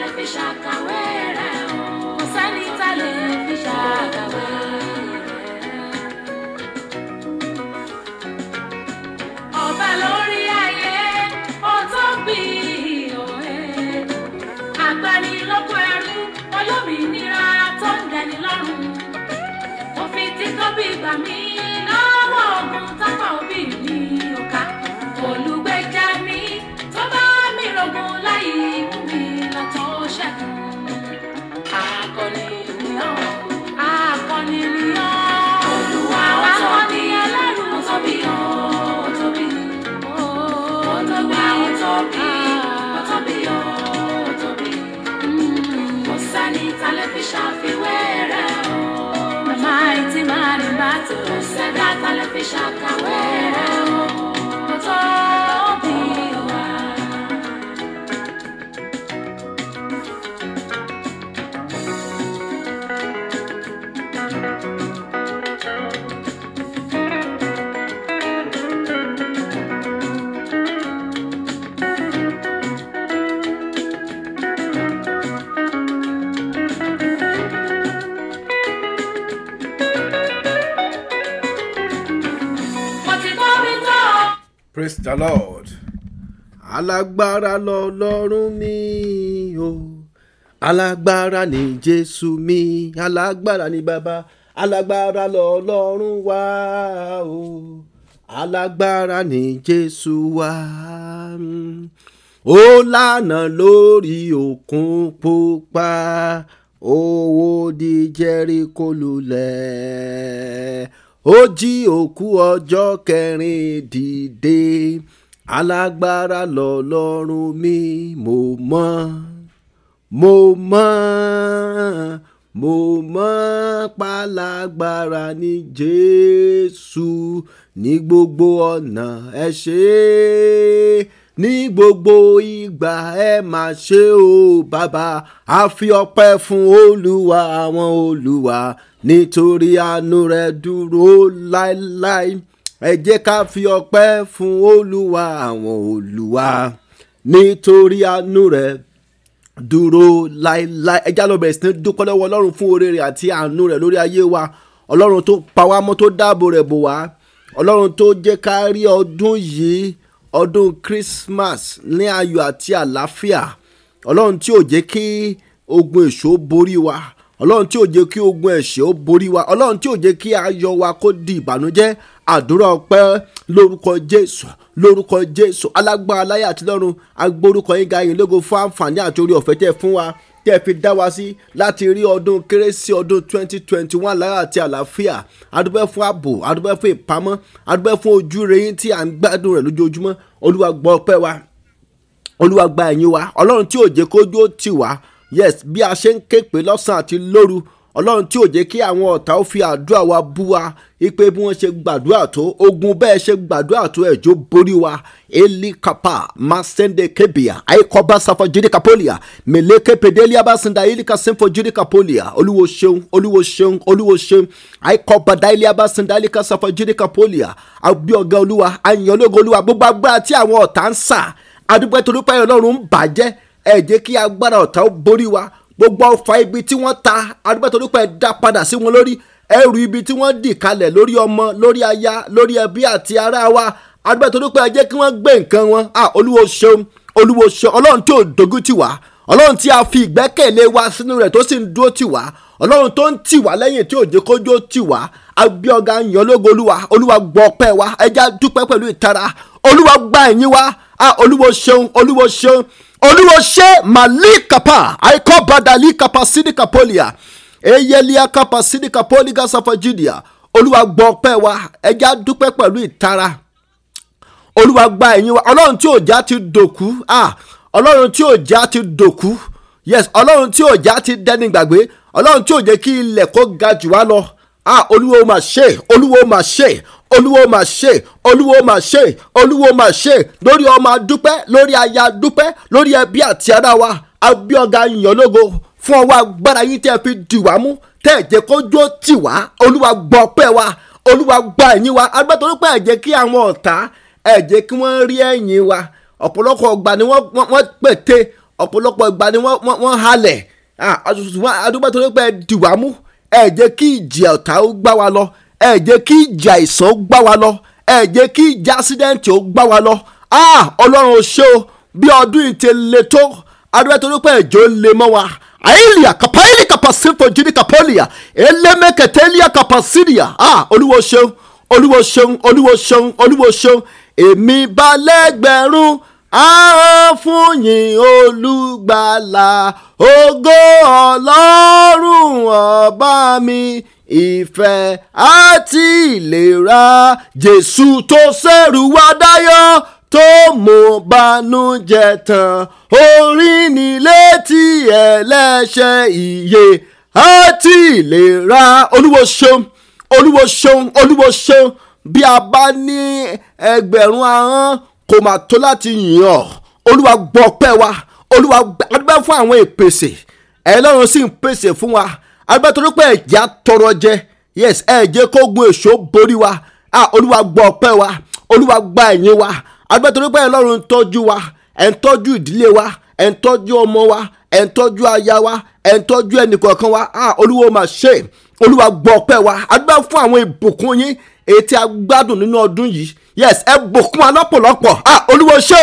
lè fi ṣàkàwé rẹ̀ o kò sẹ́ni tá lè fi ṣàkàwé rẹ̀. ọba lórí ayé ó tó bí òwe agbanilọ́kọ̀ ẹrú tápá òbí mi. ṣàfiwéra mighty Màmá ìtì máa ní Praise the Lord. Alágbára lọ́lọ́run mi o. Alagbara, ni Jésù mi. Alagbara, ni bàbá. Alágbára lọ́lọ́run wa o. Alagbara, ni Jésù wa. Ó lànà Lori, òkun pupa. Ó wó di Jẹ́ríkò lulẹ̀ ó jí òkú ọjọ́ kẹrin dìde alágbára lọ́lọ́run mi mo mọ̀ mo mọ̀ mo mọ̀ pálágbára ní Jésù ní gbogbo ọ̀nà ẹ ṣe é ní gbogbo ìgbà ẹ mà ṣe o bàbá a fi ọpẹ́ fún olúwa àwọn olúwa nítorí àánú rẹ̀ dúró láéláé ẹ jẹ́ ká fi ọpẹ́ fún olúwa àwọn olúwa nítorí àánú rẹ̀ dúró láéláé ẹjá lọ bẹ̀rẹ̀ sí ní dúpẹ́ lọ́wọ́ ọlọ́run fún oore rẹ̀ àti àánú rẹ̀ lórí ayé wa ọlọ́run tó pa wá mọ́ tó dáàbò rẹ̀ bò wá ọlọ́run tó jẹ́ ká rí ọdún yìí ọdún Christmas ní ayọ̀ àti àlàáfíà ọlọ́run tí ò jẹ́ kí ogun èṣó borí wa ọlọ́run tí ò jẹ́ kí ogun ẹ̀ṣẹ̀ ó borí wa ọlọ́run tí ò jẹ́ kí ayọ̀ wa kó di ìbànújẹ́ àdúrà ọpẹ́ lórúkọ jésù lórúkọ jésù alágbára láyé àti agbórúkọ yín ga yín lógo fún àǹfààní àti orí ọ̀fẹ́ tẹ́ fún wa tẹ́ fi dá wa sí láti rí ọdún kérésì ọdún twenty twenty one lára àti àlàáfíà adúpẹ́ fún ààbò adúpẹ́ fún ìpamọ́ adúpẹ́ fún ojú reyín tí à ń gbádùn rẹ̀ lójoojúmọ́ olúwa gbọ́ ọpẹ́ wa olúwa gba ẹ̀yìn wa ọlọ́run tí òjò kójú ó tì wá yes bí a ṣe ń képe lọ́sàn àti lóru ọlọ́run tí ò jẹ́ kí àwọn ọ̀tá ó fi àdúrà wa bú wa ipe bí wọ́n ṣe gbàdúrà tó ogun bẹ́ẹ̀ ṣe gbàdúrà tó ẹ̀jọ́ borí wa eli kapa masende kebia aikoba safo judika polia meleke pedelia basinda ilika sinfo judika polia olúwo ṣeun olúwo ṣeun olúwo ṣeun aikoba dailia basinda ilika safo judika polia àbí ọ̀gá olúwa ayanlógo olúwa gbogbo agbára tí àwọn ọ̀tá ń sà àdúgbò tó ọlọ́run ń bàjẹ́ ẹ kí agbára ọ̀tá ó borí wa gbogbo ọfà ibi tí wọ́n ta arúgbó torí pé ẹ dá padà sí wọn lórí ẹrù ibi tí wọ́n dì kalẹ̀ lórí ọmọ lórí aya lórí ẹbí àti ará wa arúgbó torí pé ẹ jẹ́ kí wọ́n gbé nǹkan wọn olúwo ṣeun olúwo ṣeun ọlọ́run tí ò dogun tì wá ọlọ́run tí a fi ìgbẹ́kẹ̀lé wa sínú rẹ̀ tó sì ń dúró tì wá ọlọ́run tó ń tì wá lẹ́yìn tí òjò kójú tì wá abíọ́gá yan lógo olúwa olúwa gbọ́ ọpẹ́ wa ẹja dúpẹ́ pẹ̀lú ìtara olúwa gba ẹ̀yìn wa olúwo ṣeun olúwo ṣeun olúwo ṣe malikapa àìkọ́ badalikapa sídìkàpọ́lìà eyeliakapa sídìkàpọ́lìgà sàfọ́jìdìà oluwa gbọ ọpẹ́ wa ẹja dúpẹ́ pẹ̀lú ìtara oluwa gba ẹ̀yìn wa ọlọ́run tí òjá ti dòkú ah olorun tí òjá ti dòkú yes olorun tí òjá ti deni gbàgbé olorun tí òjé kí ilẹ kó ga jù wá lọ ah oluwo mà ṣe oluwo ma ṣe olúwo mà ṣe olúwo mà ṣe olúwo mà ṣe lórí ọmọ adúpẹ́ lórí aya adúpẹ́ lórí ẹbí àti ará wa abíọ́gà ìyànlógo fún ọwọ́ agbára yín tẹ́ fi dì wá mú tẹ́ ẹ̀ jẹ́ kójú ó tì wá olúwa gbọ́ pẹ́ wa olúwa gba ẹ̀yìn wa agbẹ́tọ̀ọ́ pé ẹ̀ jẹ́ kí àwọn ọ̀tá ẹ̀ jẹ́ kí wọ́n rí ẹ̀yìn wa ọ̀pọ̀lọpọ̀ ìgbà ni wọ́n pète ọ̀pọ̀lọpọ̀ ìgbà ni wọ́n halẹ̀ àdúgbò tó ní pẹ́ dì wá mú ẹ̀ jẹ́ kí ìjì ọ̀tá ó gbá wa lọ ẹ jẹ́ kí ìjà àìsàn gbá wa lọ ẹ jẹ́ kí ìjà accident ó gbá wa lọ ah ọlọ́run ò ṣe o bí ọdún ìtẹ̀lẹ̀ tó adúlẹ̀ torí pé ẹ̀jọ́ lè mọ́ wa àìlìyà kàpáìlì kàpàsífò jírí kàpọ́lìyà ẹlẹ́mẹ̀kẹ̀tẹ́lìyà kàpàsílìyà ah olúwo ṣeun olúwo ṣeun olúwo ṣeun olúwo ṣeun èmi balẹ̀gbẹ̀rún àwọn fún yín olùgbàlà ògo ọlọ́run ọba mi ìfẹ́ àti ìlera jésù tó ṣẹ́rù wá dáyọ̀ tó mú banújẹ́ tán orí ni létí ẹlẹ́ṣẹ̀ ìyè àti ìlera olúwo ṣeun olúwo ṣeun olúwo ṣeun bí a bá ní ẹgbẹ̀rún ahọ́n kò mà tó láti yìn olúwa gbọ́ pẹ́ wa olúwa gbàdúrà fún àwọn ìpèsè ẹlọ́run sì ń pèsè fún wa agbátọrọ pé ẹ̀já tọrọ jẹ yes ẹ jẹ́ kógun èso borí wa ah olúwa gbọ́ ọpẹ́ wa olúwa gba ẹ̀yìn wa agbátọrọ pé ẹlọ́run ń tọ́jú wa ẹ̀ ń tọ́jú ìdílé wa ẹ̀ ń tọ́jú ọmọ wa ẹ̀ ń tọ́jú aya wa ẹ̀ ń tọ́jú ẹnìkọ̀ọ̀kan wa ah olúwa mà ṣe olúwa gbọ́ ọpẹ́ wa adúgbò fún àwọn ìbùkún yín èyí tí a gbádùn nínú ọdún yìí yes ẹ bùkún wa lọ́pọ̀lọpọ̀ ah olúwa ṣe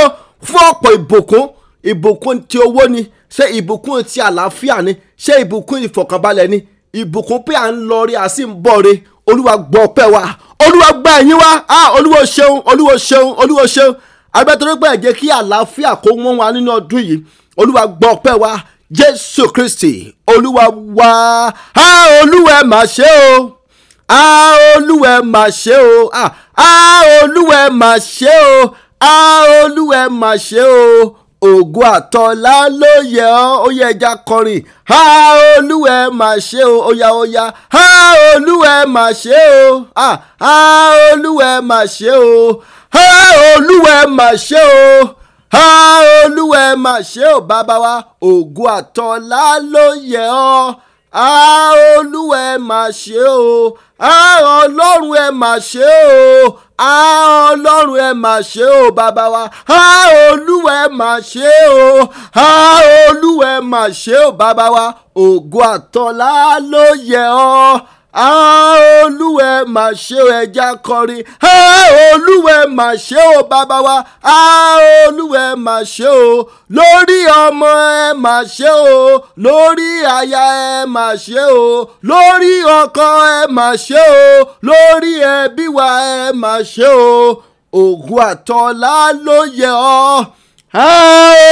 fún ọ̀pọ̀ ìbùkún ìbùkún ti owó ni ṣé ìbùkún ti àlàáfíà ni ṣé ìbùkún ìfọ̀kànbalẹ̀ ni ìbùkún pé à ń lọ rí a sì ń bọ̀ re olúwa gbọ́ ọpẹ́ wa olúwa gba ẹ̀yìn wa ah olúwa ṣeun olúwa ṣeun olúwa ṣeun agbẹ́tọ́rọ́gbà ẹ̀jẹ̀ kí àlàáfíà kó wọ́n wa nínú ọdún yìí olúwa gbọ́ ọpẹ́ wa jésù kristi olúwa wá a olúwa mà ṣe o a olúwa mà ṣe o a olúwa mà ṣe o a olúwa mà ṣe o ògo àtọ́lá ló yẹ ọ́ ó yẹ ẹja kọrin ha olúwẹ̀ mà ṣe o óyá óyá ha olúwẹ̀ mà ṣe o ha olúwẹ̀ mà ṣe o ha olúwẹ̀ mà ṣe o ha olúwẹ̀ mà ṣe o bàbá wa ògo àtọ́lá ló yẹ ọ́ ha ẹ mà ṣe o a ọlọ́run ẹ mà ṣe o a ọlọ́run ẹ mà ṣe o bàbá wa a olúwa ẹ mà ṣe o a olúwa ẹ mà ṣe o bàbá wa ògo àtọ́lá ló yẹ ọ́ a olúwẹ̀ mà ṣe o ẹja kọrin a olúwẹ̀ mà ṣe o bàbá wa a olúwẹ̀ mà ṣe o lórí ọmọ ẹ mà ṣe o lórí aya ẹ mà ṣe o lórí ọkọ ẹ mà ṣe o lórí ẹbí wa ẹ mà ṣe o ògùn àtọ́lá ló yẹ ọ́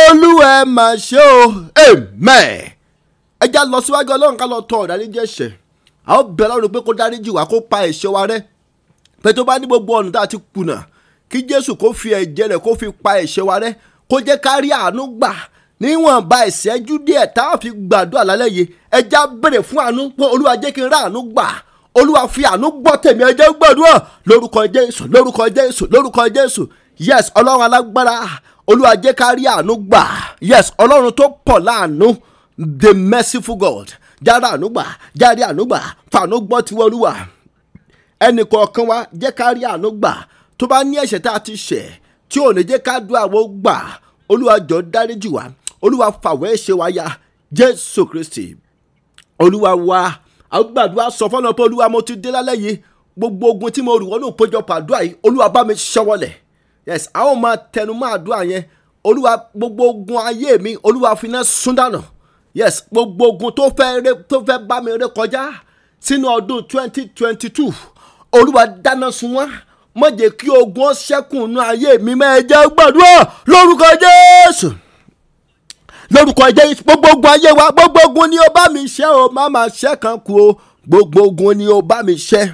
olúwẹ̀ mà ṣe o amen. ẹ já lọ síwájú ọlọ́run ká lọ tọ ọ̀dà níjẹ̀ṣẹ̀ a ó bẹ̀ lọ́rùn pé kó dáríjì wá kó pa ẹ̀ṣẹ̀ wa rẹ́ pé tó bá ní gbogbo ọ̀nà tá a ti kùnà kí jésù kó fi ẹ̀jẹ̀ rẹ̀ kó fi pa ẹ̀ṣẹ̀ wa rẹ́ kó jẹ́ ká rí àánú gbà níwọ̀nba ìṣẹ́jú díẹ̀ tá a fi gbàdúrà lálẹ́ yìí ẹja béèrè fún àánú pé olúwa jẹ́ kí n rá àánú gbà olúwa fi àánú gbọ́ tèmi ẹjẹ́ gbàdúrà lórúkọ jésù lórúkọ jésù lórúkọ jésù yes ọlọ́run alágbára olúwa jẹ́ ká rí àánú gbà yes ọlọ́run tó pọ̀ láàánú the merciful God jára ànúgbà járe ànúgbà fàánú gbọ́ tiwọ́ olúwa ẹnì kọ̀ọ̀kan wa jẹ́ ká rí ànúgbà tó bá ní ẹ̀ṣẹ̀ tá a ti ṣẹ̀ tí ò ní jẹ́ ká dùn àwọn gbà olúwa jọ dáríjì wá olúwa fàwọ́ ẹ̀ṣẹ̀ wa ya jésù kristi olúwa wa àwọn gbàdúrà sọ fọ́nà pé olúwa mo ti dé lálẹ́ yìí gbogbo ogun tí mo rù wọ́n ló péjọpọ̀ àdúrà yìí olúwa bá mi ṣọwọ́lẹ̀ yes àwọn máa tẹnu mọ́ àdúrà yẹn olúwa gbogbo ogun ayé mi olúwa fi iná sún dànù yes gbogbo ogun tó fẹ́ tó fẹ́ bá mi ré kọjá sínú ọdún twenty twenty two olúwa dáná sun wá má jẹ́ kí ogun ṣẹ́kùn nú ayé mi máa jẹ́ gbàdúrà lórúkọ jésù lórúkọ jésù gbogbo ogun ayé wa gbogbo ogun ni ó bá mi ṣẹ́ o má máa ṣẹ́ kan kú o gbogbo ogun ni ó bá mi ṣẹ́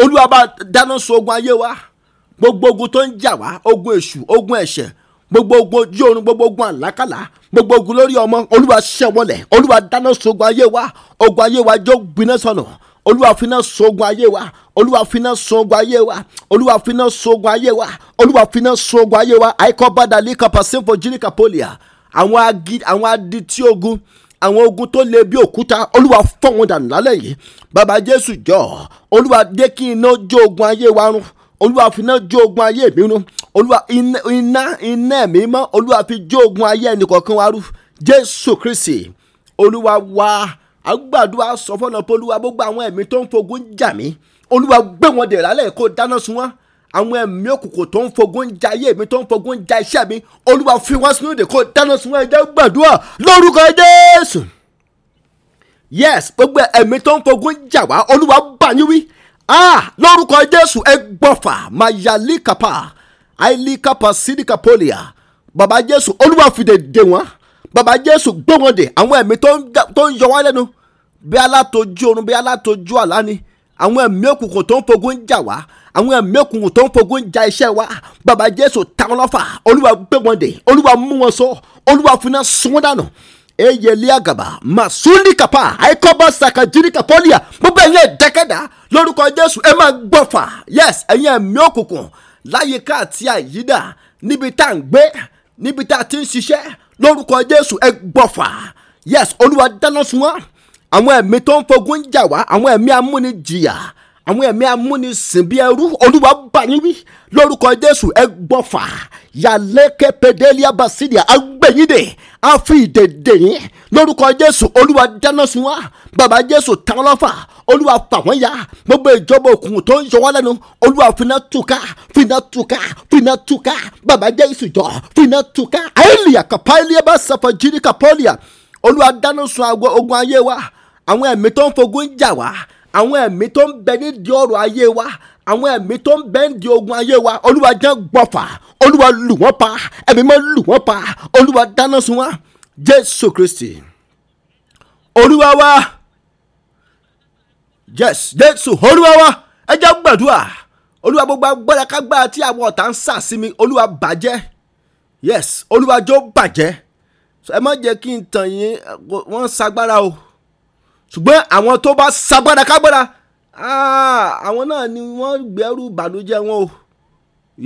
olúwa bá dáná sun ogun ayé wa gbogbo ogun tó ń jà wá ogun èṣù ogun ẹ̀ṣẹ̀ gbogbo ogun ojú oorun gbogbo ogun àlákàlà gbogbo ogun lórí ọmọ olúwa ṣẹwọlẹ olúwa dáná sogun ayé wa ogun ayé wa jó gbiná sọnù olúwa finá sogun ayé wa olúwa finá sogun ayé wa olúwa finá sogun ayé wa olúwa finá sogun ayé wa àìkọ́ bàdà líkà pàṣẹfọ jírìkà pọ́lìà àwọn agi àwọn adití ogun àwọn ogun tó le bí òkúta olúwa fọ́ wọn dànù lálẹ́ yìí bàbá jésù jọ olúwa dé kí iná jó ogun ayé wa run olúwa fi iná jó ogun ayé mi rú olúwa iná iná mi mọ́ olúwa fi jó ogun ayé ẹnìkọ̀ọ̀kan wa rú jésù kristi olúwa wa agbàdúrà sọ fọlọ pé olúwa gbogbo àwọn ẹ̀mí tó ń fogun jà mí olúwa gbé wọn dè lálẹ́ kó dáná sun wọn àwọn ẹ̀mí òkùnkùn tó ń fogun jà ayé mi tó ń fogun jà iṣẹ́ mi olúwa fi wọn sínú ìdè kó dáná sun wọn ẹ̀jẹ̀ gbàdúrà lórúkọ jésù yes gbogbo ẹ̀mí tó ń fogun jà wá olúwa bá yín wí ah lórúkọ jésù ẹ gbọ́fà mayalikapa ailikapa sidikapolia baba jésù olúwa fìdè dè wọ́n baba jésù gbọ́wọ́n dè àwọn ẹ̀mí tó ń yọ wá lẹ́nu bí alátojú oorun bí alátojú àlá ni àwọn ẹ̀mí òkùnkùn tó ń fogun jà wá àwọn ẹ̀mí òkùnkùn tó ń fogun jà iṣẹ́ wa baba jésù táwọn lọ́fà olúwa gbé wọn dè olúwa mú wọn sọ olúwa fúnná sún wọn dànù eyeli agaba masundi kapa aikoba sakajiri kapolia gbogbo ẹ̀yin ẹ̀dẹ́kẹ̀dá lórúkọ jésù ẹ máa gbọ́fà yes ẹ̀yin ẹ̀mí òkùnkùn láyìíká àti àyídà níbi tá à ń gbé níbi tá a ti ń ṣiṣẹ́ lórúkọ jésù ẹ gbọ́fà yes olúwa dáná sun wá àwọn ẹ̀mí tó ń fogun jà wá àwọn ẹ̀mí amúnijìyà àwọn ẹ̀mí amúnisìn bíi ẹrú olúwa bá yín wí lórúkọ jésù ẹgbọ́fà yàlẹ́kẹ́ pẹ̀dẹ́líà basidia agbẹ̀yìndè àfi ìdèdè yín lórúkọ jésù olúwa dáná sun wá bàbá jésù tán lọ́fà olúwa fà wọ́n ya gbogbo ìjọba òkùnkùn tó ń yọ wọ́n lẹ́nu olúwa fina tuka fina tuka fina tuka bàbá jésù jọ fina tuka àìlìyà kàpá àìlìyà bá sàfà jírí kàpọ́lìyà olúwa dáná sun ogun ayé wa àwọn ẹ̀mí tó ń fogun jà wá àwọn ẹ̀mí tó ń bẹ nídìí ọ̀rọ̀ ayé wa àwọn ẹ̀mí tó ń bẹ nídìí ogun ayé wa olúwa jẹ́ gbọ́fà olúwa lù wọ́n pa ẹ̀mí mọ́ lù wọ́n pa olúwa dáná sun wá jésù kristi olúwa wa yes jésù olúwa wa ẹ jẹ́ gbàdúrà olúwa gbogbo agbára kágbára tí àwọn ọ̀tá ń sà sí mi olúwa bàjẹ́ yes olúwa jọ̀ọ́ bàjẹ́ ẹ má jẹ́ kí n tàn yín wọ́n sagbára o ṣùgbọ́n àwọn tó bá sagbára kágbára ah, àwọn náà ni wọ́n gbẹ́rù ìbànújẹ́ wọn o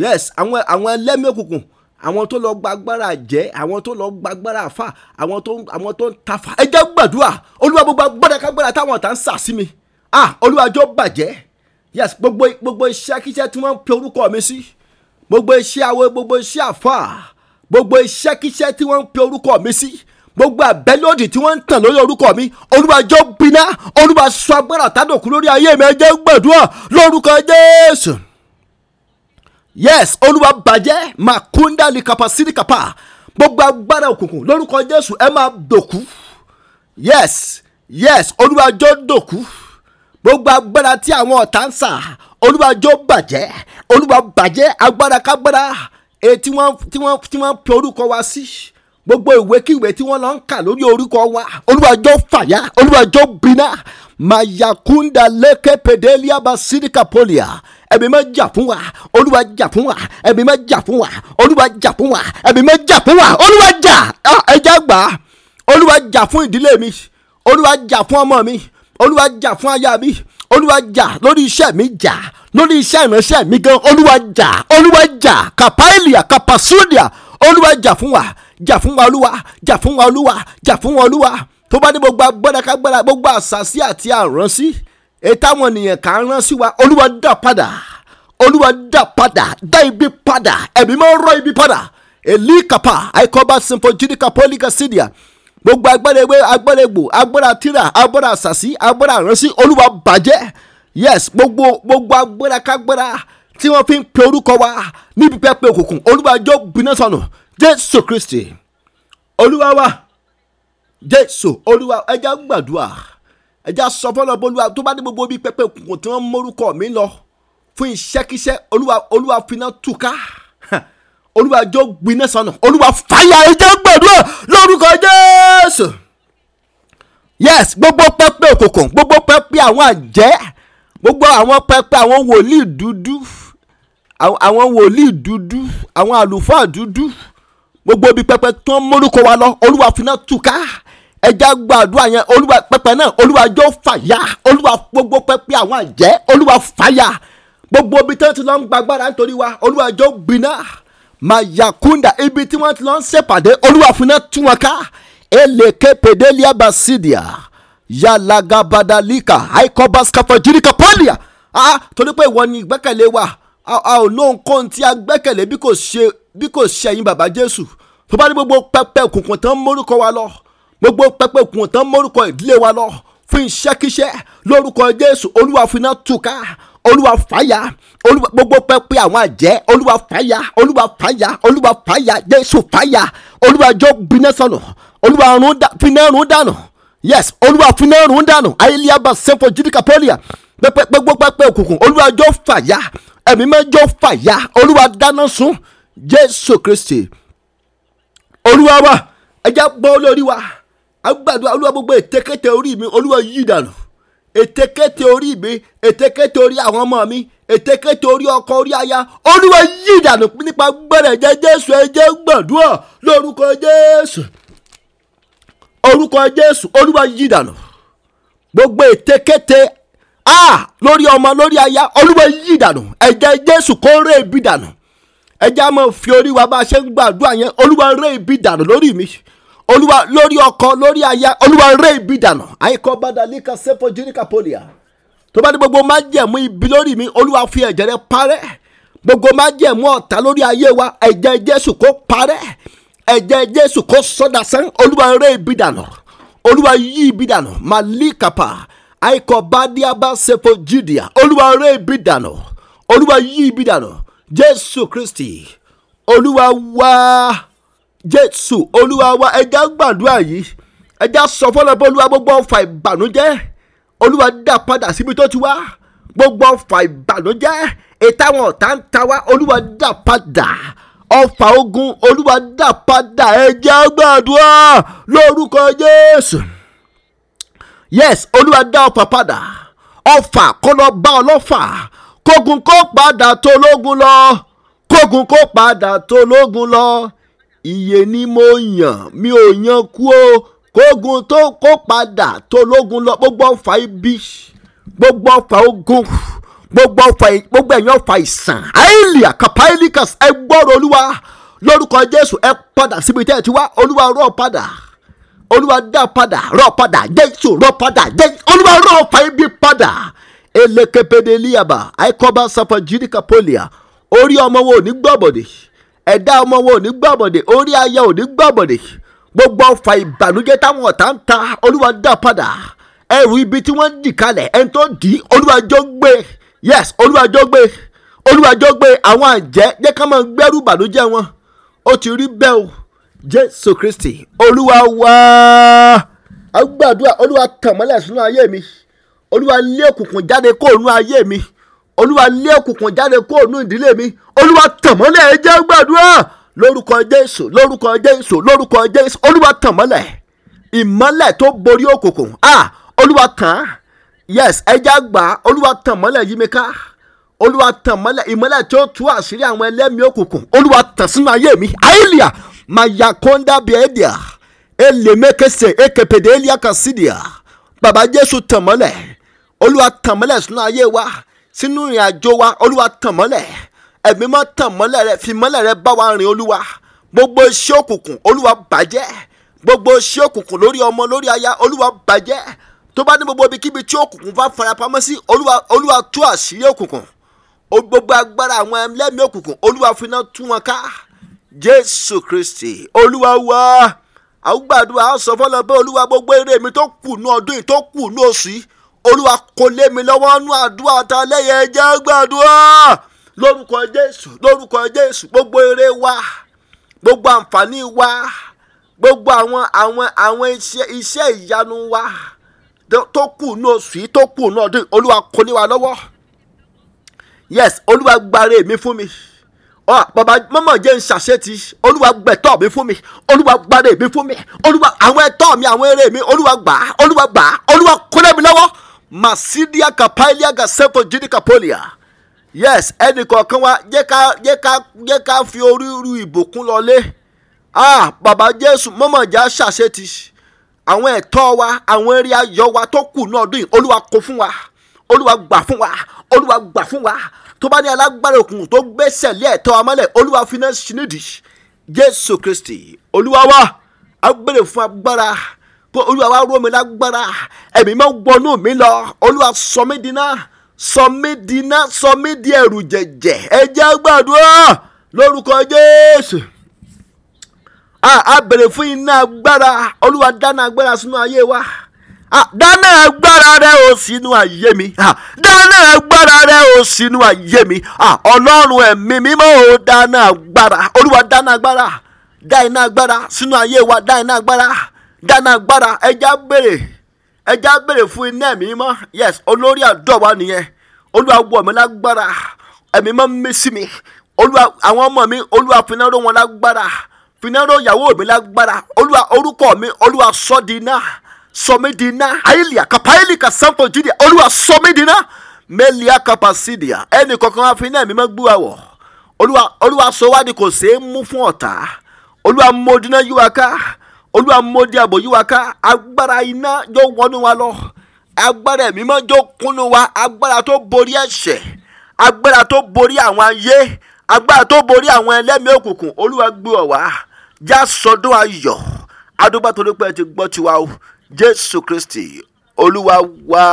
yes àwọn àwọn ẹlẹ́mìí òkùnkùn àwọn tó lọ gbàgbára jẹ́ àwọn tó lọ gbàgbára fà àwọn tó àwọn tó ń tafa ẹ jẹ́ gbàdúrà olúwa gbogbo agbára kágbára táwọn ọ̀tá ń sà sí mi ah olúwa jọ̀ọ́ bàjẹ́ yes gbogbo gbogbo iṣẹ́ kíṣẹ́ tí wọ́n ń pe orúkọ mi sí gbogbo iṣẹ́ awo gbogbo iṣẹ́ àfà gbogbo iṣẹ́ kíṣẹ́ tí wọ́n ń pe orúkọ mi sí gbogbo àbẹ́lódì tí wọ́n ń tàn lórí orúkọ mi olúwàjọ́ bínà olúwa agbára àtàdòkú lórí ayé mi ẹ jẹ́ lórúkọ jésù yes olúwa bàjẹ́ makunda likapa sirikapa gbogbo agbára òkùnkùn lórúkọ jésù ẹ máa dòkú yes yes olúwàjọ́ dòkú gbogbo agbára tí àwọn ọ̀tá ń sà olúwàjọ́ bàjẹ́ olúwa bàjẹ́ agbára kágbára èyí tí wọ́n pe orúkọ wa sí. Si gbogbo ìwékíwé tí wọ́n lọ ń kà lórí orúkọ wa olúwàjọ́ fàyà olúwàjọ́ bínà mayakunda leke pedelia basilica polia ẹ̀mí máa jà fún wa olúwa jà fún wa ẹ̀mí máa jà fún wa olúwa jà fún wa ẹ̀mí máa jà fún wa olúwa jà ah, ẹja gbà á olúwa jà fún ìdílé mi olúwa jà fún ọmọ mi olúwa jà fún aya mi olúwa jà lórí iṣẹ́ mi jà lórí iṣẹ́ ìránṣẹ́ mi gan olúwa jà olúwa jà kàpáìlìà kàpàsúlìà olúwa jà fún wa jà fún wa olúwa jà fún wa olúwa jà fún wa olúwa tó bá ní gbogbo agbára kágbára gbogbo àṣàsí àti àránsí ètò àwọn ènìyàn kà ń rán sí wa olúwa dá padà olúwa dá padà dá ibi padà ẹ̀mí máa ń rọ ibi padà èlí kàpá àìkọ́bá sinfo jìdíkà pọ́líkà sídìá gbogbo agbára ewé agbára egbò agbára tírà agbára àṣàsí agbára àránsí olúwa bàjẹ́ yes gbogbo gbogbo agbára kágbára tí wọ́n fi ń pe orúkọ wa níbi pẹ́pẹ́ òkùnkùn olúwa jọ gbiná sọnù jésù kristi olúwa wa jésù olúwa ẹja gbàdúrà ẹja sọ fọlọ bolúwa tó bá dé gbogbo ibi pẹpẹ kùkùn tí wọn mórúkọ mi lọ fún iṣẹ́kíṣẹ́ olúwa olúwa finá túká olúwa jó gbiná sọnà olúwa fàyà ẹja gbàdúrà lórúkọ jésù yes gbogbo pẹpẹ òkùnkùn gbogbo pẹpẹ àwọn àjẹ́ gbogbo àwọn pẹpẹ àwọn wòlíì dúdú àwọn wòlíì dúdú àwọn àlùfáà dúdú gbogbo ibi pẹpẹ tó ń mórúkọ wa lọ olúwa finá túká ẹja gbàdúrà yẹn olúwa pẹpẹ náà olúwa jó fàyà olúwa gbogbo pẹpẹ àwọn àjẹ́ olúwa fàyà gbogbo ibi tí wọ́n ti lọ ń gbàgbára nítorí wa olúwa jó gbiná mayakunda ibi tí wọ́n ti lọ ń ṣèpàdé olúwa finá tú wọn ká eleke pedelia basidia yalagabadalika aikobaskapa jirika palia ah torí pé ìwọ ni ìgbẹ́kẹ̀lé wa a ò lóhun kóhun tí a bí kò ṣe bí kò ṣẹ̀yìn bàbá jésù tó bá ní gbogbo pẹpẹ òkùnkùn tán mórúkọ wa lọ gbogbo pẹpẹ òkùnkùn tán mórúkọ ìdílé wa lọ fún iṣẹ́kíṣẹ́ lórúkọ jésù olúwa fúnná túká olúwa fàyà olúwa gbogbo pẹpẹ àwọn àjẹ́ olúwa fàyà olúwa fàyà olúwa fàyà jésù fàyà olúwa jọ gbiná sọnù olúwa fúnná rún dànù yes olúwa fúnná rún dànù ayélujára sẹfọ jírika pọlìà pẹpẹ gbogbo pẹpẹ òkùnkùn olúwa jọ fàyà ẹ̀mí mẹ́jọ fàyà olúwa dáná sun jésù kristi olúwa wa ẹja gbọ́ lórí wa agbàdúrà olúwa gbogbo ètekéte orí mi olúwa yí dànù ètekéte orí mi ètekéte orí àwọn ọmọ mi ètekéte orí ọkọ orí aya olúwa yí dànù nípa gbẹrẹ jẹ jésù ẹjẹ gbàdúrà lórúkọ jésù orúkọ jésù olúwa yí dànù gbogbo ètekéte a ah, lórí ọmọ lórí aya olúwa yí dànù ẹjẹ jésù kó rè bí dànù ẹja mọ fi orí wa bá a ṣe ń gbàdúrà yẹn olúwa rẹ́ ibi dànù lórí mi olúwa lórí ọkọ lórí aya olúwa rẹ́ ibi dànù àyíkọ́ badalika sepo jirika polia tó bá ní gbogbo máa jẹ̀mú ibi lórí mi olúwa fi ẹ̀jẹ̀ rẹ parẹ́ gbogbo máa jẹ̀mú ọ̀tá lórí ayé wa ẹ̀jẹ̀ jésù kó parẹ́ ẹ̀jẹ̀ jésù kó sọ́dà sẹ́n olúwa rẹ́ ibi dànù olúwa yí ibi dànù malikapa àyíkọ́ badiaba sepo jidia olúwa rẹ́ ibi dànù olúwa yí ibi dànù jésù kristi olúwa wá jésù olúwa wá ẹja gbàdúrà yìí ẹja sọ fọlọ pé olúwa gbogbo ọfà ìbànújẹ́ olúwa dá padà síbi tó ti wá gbogbo ọfà ìbànújẹ́ ìtàwọn ọ̀tá ń ta wá olúwa dá padà ọfà ogun olúwa dá padà ẹja gbàdúrà lórúkọ jésù yes olúwa dá ọfà padà ọfà kọ́ bá ọlọ́fà Kogun kó padà tó lógun lọ kógun kó padà tó lógun lọ iye ni mo yàn mi ò yan kú o kógun tó kó padà tó lógun lọ gbogbo ọfà ibi gbogbo ọfà ogun gbogbo ọfà gbogbo ẹ̀yàn ọfà ìsàn àìlì àkàpà àìlìkàs ẹ gbọ́rọ̀ olúwa lórúkọ jésù ẹ padà síbi tẹ́ ẹ ti wá olúwa rọ̀ padà olúwa dá padà rọ̀ padà jésù rọ̀ padà jésù olúwa rọ̀ ọfà ibi padà. elekepedeliaba aikoba sapajidika polia orí ọmọ wo ò ní gbọ́bọ̀dẹ̀ ẹ̀dá ọmọ wo orí aya ò ní gbogbo ọfà ìbànújẹ́ táwọn ọ̀tá ń ta olúwa dá padà ẹrù ibi tí wọ́n dì kalẹ̀ ẹni tó dì olúwa jọ gbé yes olúwa jọ gbé olúwa jọ gbé àwọn àjẹ́ jẹ́ ká máa gbẹ́rù ìbànújẹ́ wọn ó ti rí bẹ́ẹ̀ o jésù kristi olúwa wá a gbàdúrà olúwa tàn mọ́lẹ̀ sínú ayé mi olúwa lé òkùnkùn jáde kó òun ayé mi olúwa lé òkùnkùn jáde kó òun ìdílé mi olúwa tànmọ́lẹ̀ ẹ jẹ́ gbàdúrà lórúkọ jésù lórúkọ jésù lórúkọ jésù olúwa tànmọ́lẹ̀ ìmọ́lẹ̀ tó borí òkùnkùn ah olúwa tàn yes ẹ jẹ́ gbà olúwa tànmọ́lẹ̀ yí mi ká olúwa tàn mọ́lẹ̀ ìmọ́lẹ̀ tí ó tú àṣírí àwọn ẹlẹ́mìí òkùnkùn olúwa tàn sínú ayé mi àìlíà mayakonda bẹ́ẹ̀dìà elémekese ekepede eliakasidìà bàbá jésù tàn olúwa tàn mọ́lẹ̀ sínú ayé wa sínú ìrìn àjò wa olúwa tàn mọ́lẹ̀ ẹ̀mí mọ́ tàn mọ́lẹ̀ rẹ fi mọ́lẹ̀ rẹ bá wa rìn olúwa gbogbo iṣẹ́ òkùnkùn olúwa bàjẹ́ gbogbo iṣẹ́ òkùnkùn lórí ọmọ lórí aya olúwa bàjẹ́ tó bá ní gbogbo ibikíbi tí òkùnkùn bá farapamọ́ sí olúwa olúwa tú àṣírí òkùnkùn gbogbo agbára àwọn ẹlẹ́mìí òkùnkùn olúwa finá tú wọn ká jésù kristi olúwa wá àwùgbàdua sọ fọlọ pé olúwa gbogbo eré mi tó kù ní ọdún yìí tó kù ní oṣù yìí olúwa kò lé mi lọ́wọ́ nú àdúrà tá a lẹ́yìn ẹjẹ́ gbàdúrà lórúkọ jésù lórúkọ jésù gbogbo eré wa gbogbo àǹfààní wa gbogbo àwọn àwọn àwọn iṣẹ́ iṣẹ́ ìyanu wa tó kù ní oṣù yìí tó kù ní ọdún olúwa kò lé wa lọ́wọ́ yes olúwa gbára èmi fún mi ọ bàbá mọ́mọ́ jẹ́ ń ṣàṣetì olúwa gbẹ̀tọ́ mi fún mi olúwa gbára èmi fún mi olúwa àwọn ẹ̀tọ́ mi àwọn eré mi olúwa gbà á olúwa gbà á olúwa kó lé mi lọ́wọ́ masidia kapalia gaseto jidi kapolia yes ẹnì kọ̀ọ̀kan wa jẹ́ ká jẹ́ ká jẹ́ ká fi orírú ìbùkún lọlé ah bàbá jésù mọ́mọ̀já ṣàṣetì àwọn ẹ̀tọ́ wa àwọn eré ayọ̀ wa tó kù ní ọdún yìí olúwa kó fún wa olúwa gbà fún wa olúwa gbà fún wa tó bá ní alágbára òkùnkùn tó gbẹ́sẹ̀ lé ẹ̀tọ́ wa olúwa fi náà jésù kristi olúwa wa agbèrè fún agbára. pé olúwa wá ró mi lágbára ẹ̀mí máa ń wọnú mi lọ olúwa sọ mí di iná sọ mí di iná sọ mí di ẹ̀rù jẹ̀jẹ̀ ẹ jẹ́ gbàdúrà lórúkọ jésù a bèrè fún iná agbára olúwa dáná agbára sínú ayé wa dáná agbára rẹ ò sínú ayé mi dáná agbára rẹ ò sínú ayé mi ọlọ́run ẹ̀mí mímọ́ ò dáná agbára olúwa dáná agbára dá iná agbára sínú ayé wa dá iná agbára ghana agbára ẹja béèrè ẹja béèrè fún iná ẹ̀mí mímọ́ yes olórí àdúrà wa nìyẹn olúwa wọ̀ mí lágbára ẹ̀mí mọ́ mi sí mi olúwa àwọn ọmọ mi olúwa fúnná ró wọn lágbára fúnná ró ìyàwó mi lágbára olúwa orúkọ mi olúwa sọ di iná sọ mí di iná àyílíà kàpá àyílíà sanfọ jíde olúwa sọ mí di iná mẹ́lìá kàpàsídìà ẹnì kankan wá fúnná ẹ̀mí mọ́ gbúwa wọ̀ olúwa olúwa sọ wá di kò ṣeé mú fún ọ̀tá olúwa mọ́ dínà yíwa ká olúwa mọ́dí àbò yí wa ká agbára iná jọ wọnú wa lọ agbára ẹ̀mí mọ́ jọ kúnnú wa agbára tó borí ẹ̀ṣẹ̀ agbára tó borí àwọn ayé agbára tó borí àwọn ẹlẹ́mìí òkùnkùn olúwa gbé ọ̀ wá já sọdún ayọ̀ adúgbò tó dúpẹ́ ti gbọ́ tiwa o jésù kristi olúwa wá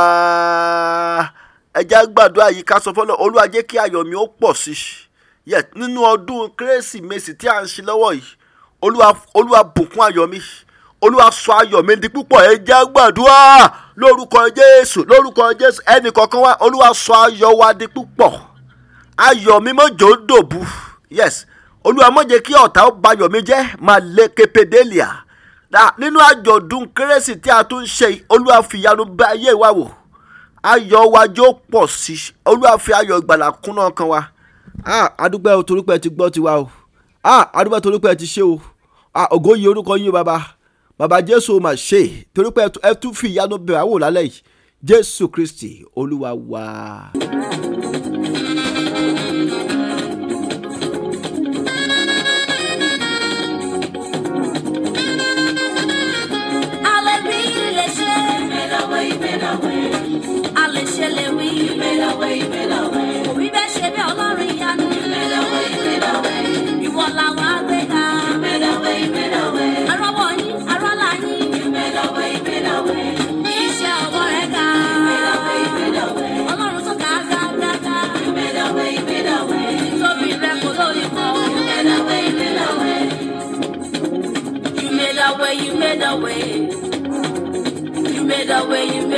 ẹja gbàdúrà yìí ká sọ fọlọ olúwa jẹ́ kí ayọ̀ mi ó pọ̀ sí i nínú ọdún kérésìmesì tí à ń ṣe lọ́wọ́ yìí olúwa olúwa bùkún ayọ̀ mi olúwa sọ ayọ̀ mi di púpọ̀ ẹ jẹ́ gbàdúrà lórúkọ jésù lórúkọ jésù ẹnì kọ̀ọ̀kan wa olúwa sọ ayọ̀ wa di púpọ̀ ayọ̀ mọ̀jọ́ dòbu yes olúwa má jẹ́ kí ọ̀tá ó ba ayọ̀ mi jẹ́ máa lé kepedelia nínú àjọ̀dún kérésì tí a tún ṣe olúwa fìyanu bá ayé wa wò ayọ̀ wa jó pọ̀ sí olúwa fi ayọ̀ ìgbàlà kúnná kan wa ah, a dúpẹ́ o torí pé ti gbọ́ tiwa o. Ah, adúgbò torí pé ẹ ti ṣe o Ah, ògo yìí orúkọ yín baba. Baba jésù ó mà ṣe torí pé ẹ tún fi ìyanu bẹ̀rẹ̀ àwò lálẹ́ yìí jésù kristi olúwa wa.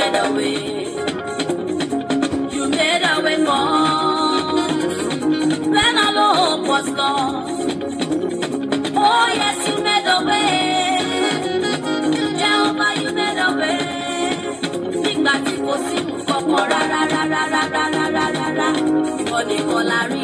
made a way. You made a way for when all hope was lost. Oh yes, you made a way. you made a way. rárá rárá rárá rárá rárá,